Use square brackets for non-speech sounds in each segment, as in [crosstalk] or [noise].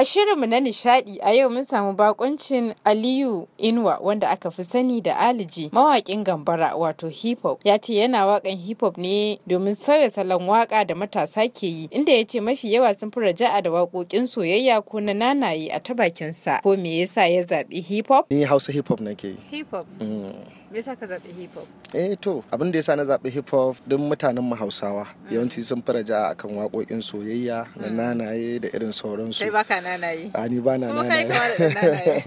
A shirinmu na nishadi a yau mun samu bakuncin Aliyu inwa wanda aka fi sani da Aliji mawakin gambara wato hip hop. Ya ce yana wakan hip hop ne domin sauya salon waka da matasa ke yi inda ya ce mafi yawa sun fi raja'a da wakokin soyayya ko na nanaye a ta sa. ko me yasa ya zabi hip hop? Ni Hausa hip hop nake yi. Hip hop. Mm. me yasa ka zabi hip hop eh to abin da yasa na zaɓi hip hop don mutanen mu Hausawa mm. yawanci sun fara raja'a akan wakokin soyayya na mm. nanaye da irin sauransu sai nanayi a ah, ni ba na yi.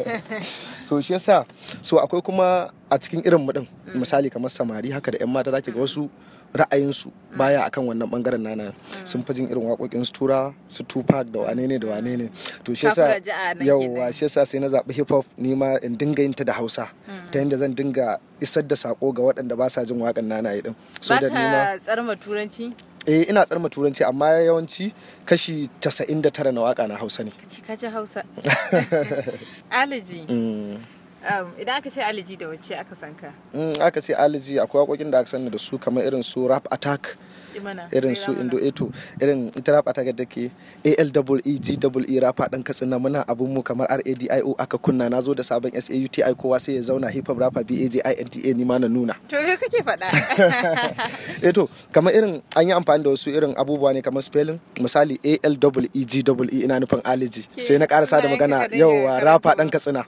so shi yasa so akwai kuma a cikin irin mu mm. misali kamar samari haka da yan mata zaki ga mm. wasu ra'ayinsu mm. baya akan wannan bangaren nana sun fi jin irin waƙoƙin tura su tupac da wane ne da wane ne to shi yasa yauwa shi yasa sai na zaɓi hip hop ni ma in dinga yin ta da hausa ta yadda zan dinga isar da sako ga waɗanda ba sa jin waƙan nana yi din so da ni ma tsarma turanci eh ina tsarma turanci amma yawanci kashi 99 na waka na hausa ne kaji hausa [laughs] aliji mm. um, idan aka ce aliji da wacce aka sanka mm, aka ce aliji akwai wakokin da aka sani da su kamar irin su rap attack irin su indo eto irin ita rafa ta gada ke ALEEGEE e rafa ɗan katsina muna abun mu kamar RADIO aka kunna na zo da sabon SAUTI kowa sai ya zauna hip hop rapa BAJINTA ni ma na nuna. To me kake faɗa? [laughs] Eto kamar irin an yi amfani da wasu irin abubuwa ne kamar spelling misali ALEEGEE e e ina nufin aliji? sai na ƙarasa da magana yauwa Rafa ɗan katsina.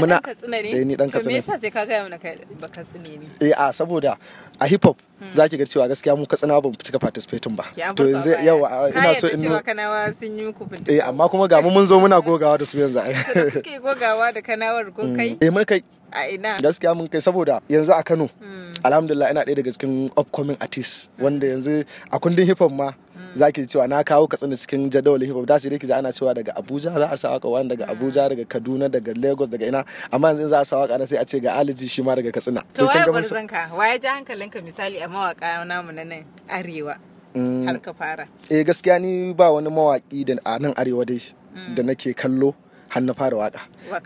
Muna da eh, ni ɗan katsina. Me yasa sai ka gaya mana kai ba katsine ne? Eh a saboda a hip hop hmm. zaki ga cewa gaskiya mu katsina ban cika participating ba to yanzu yawa ina so in cewa kanawa sun yi muku bindiga. eh amma kuma ga mu mun zo muna gogawa da su yanzu ai kuke gogawa da kanawar ko mm. kai eh mai kai a ina gaskiya mun kai saboda yanzu a Kano hmm. alhamdulillah ina ɗaya daga cikin upcoming artist wanda yanzu a kundin hip hop ma hmm. zaki cewa na kawo katsina cikin jadawalin hip hop da sai ki ana cewa daga Abuja za a sawa waka wani daga hmm. Abuja daga Kaduna daga Lagos daga ina amma yanzu za a sawa waka sai a ce ga Aliji shi ma daga Katsina to waye ka, waye ji hankalinka misali a mawaka namu na nan arewa har ka fara eh gaskiya ni ba wani mawaki da a nan arewa dai da nake kallo har na fara waka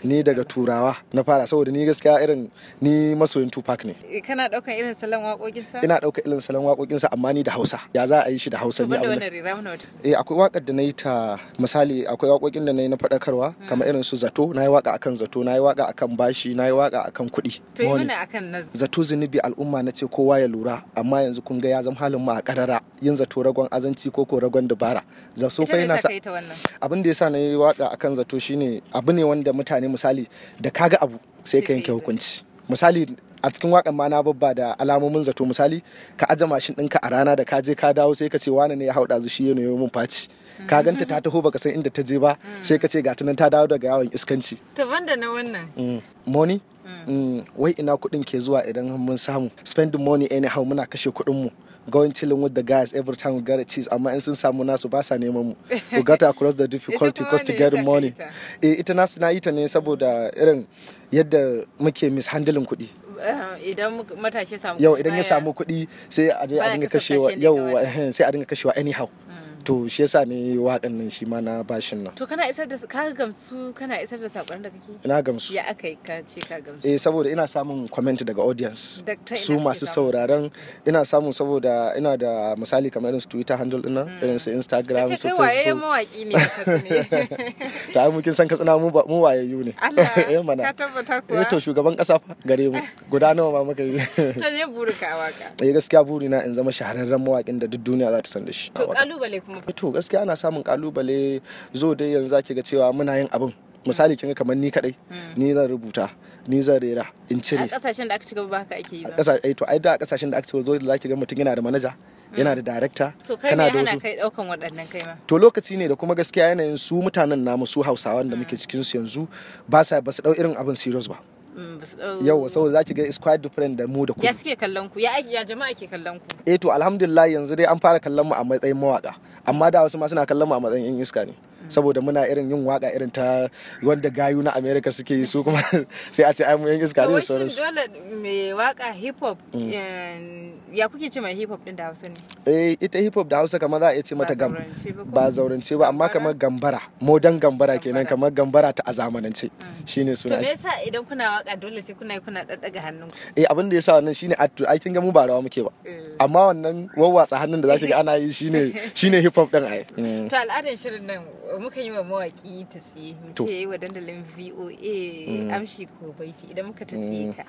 ni daga turawa na fara saboda ni gaskiya irin ni masoyin Tupac ne eh, kana daukan irin salon wakokinsa? ina daukan irin salon wakokinsa amma ni da Hausa ya za a yi shi da Hausa ne a eh akwai wakar da nayi ta misali akwai wakokin da nayi na fadakarwa hmm. kamar irin su zato nayi waka akan zato nayi waka akan bashi nayi waka akan kuɗi to yi mana akan zato zunubi al'umma na ce kowa ya lura amma yanzu kun ga ya zama halin mu a karara yin zato ragon azanci ko ko ragon dubara zato fa yana sa abin da yasa nayi waka akan zato shine abu ne wanda mutane misali da kaga abu sai ka yanke hukunci misali a cikin wakan ma na babba da alamomin zato misali ka aje mashin ɗinka a rana da ka je ka dawo sai ka ce wani ne ya hauɗa zushi ne ya mun faci ka ganta ta taho baka san inda ta je ba sai ka ce ga nan ta dawo daga yawon iskanci ta banda na wannan mm. moni mm. wai ina kuɗin ke zuwa idan mun samu spending money anyhow muna kashe kuɗin mu going chilling with the guys every time we get a cheese amma in sun samu nasu ba sa neman mu we got across the [laughs] difficulty cost to get money ita nasu eh, na ita ne saboda irin yadda muke mishandling kuɗi eh, idan matashi samu yau idan ya samu kuɗi sai a dinga kashewa yau eh, sai a dinga kashewa anyhow mm. to shi yasa ne waƙan nan shi ma na bashin nan to kana isar da ka gamsu kana isar da sakon da kake ina gamsu ya aka ka ce ka gamsu eh saboda ina samun comment daga audience su masu sauraron ina samun saboda ina da misali kamar irin su Twitter handle din nan irin su hmm. Instagram su Facebook kai waye mawaki ne ta [laughs] mu kin san katsina mu mu wayayyu ne [laughs] eh mana ka tabbata kuwa eh to shugaban kasa fa gare mu guda nawa ma muka yi [laughs] to ne burika waka eh gaskiya burina in zama shahararren mawakin da duk duniya za ta san da shi to kalubale kuma to gaskiya ana samun kalubale zo dai yanzu zaki ga cewa muna yin abin misali kin kamar ni kadai mm. ni zan rubuta ni zan rera in cire a kasashen da aka ci gaba ba haka ake yi ba a eh to ai da a kasashen da aka ci gaba zo zaki ga mutum yana da manaja mm. yana da director kana da wasu kai daukan waɗannan kai ma to lokaci ne da kuma gaskiya yanayin su mutanen namu su Hausawan da muke mm. cikin su yanzu ba sa ba su dau irin abin serious ba yauwa saboda za ki ga is quite different da mu da ku ya suke kallon ku ya jama'a ke kallon ku eh to alhamdulillah yanzu dai an fara kallon mu a matsayin mawaka amma da wasu ma suna kallon mu a matsayin yan iska ne saboda muna irin yin waka irin ta wanda gayu na america suke yi su kuma [laughs] sai a ce ai mu yan iska ne da sauransu dole me waka hip hop mm. eh, ya kuke ce mai hip hop din da hausa ne eh ita hip hop da hausa kamar za a iya ce mata gam ba zaurance ba amma kamar gambara modern gambara kenan kamar gambara ta a zamanance mm. shine suna to me yasa idan kuna waka dole sai kuna kuna daddaga hannun eh abin da yasa wannan shine ai kin ga mu ba rawa muke ba eh. amma wannan wawwatsa hannun da zaki ga ana yi shine [laughs] shine hip hop din ai to mm. al'adan shirin nan muka yi wa mawaki ta tsiye muke ce wa dandalin VOA mm. amshi ko baiti idan muka ta tsiye ka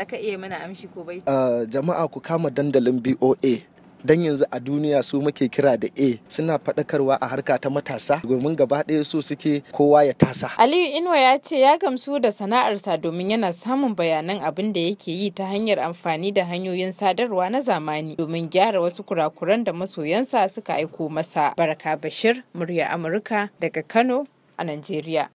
zaka iya mana amshi ko baiti ah, jama'a ku kama dandalin dandalin BOA dan yanzu a duniya su muke kira da A suna faɗakarwa a harka ta matasa domin gaba ɗaya su suke kowa ya tasa. Aliyu Inuwa ya ce ya gamsu da sana'arsa domin yana samun bayanan abin da yake yi ta hanyar amfani da hanyoyin sadarwa na zamani domin gyara wasu kurakuran da masoyansa suka aiko masa. Baraka Bashir, murya Amurka daga Kano a Najeriya.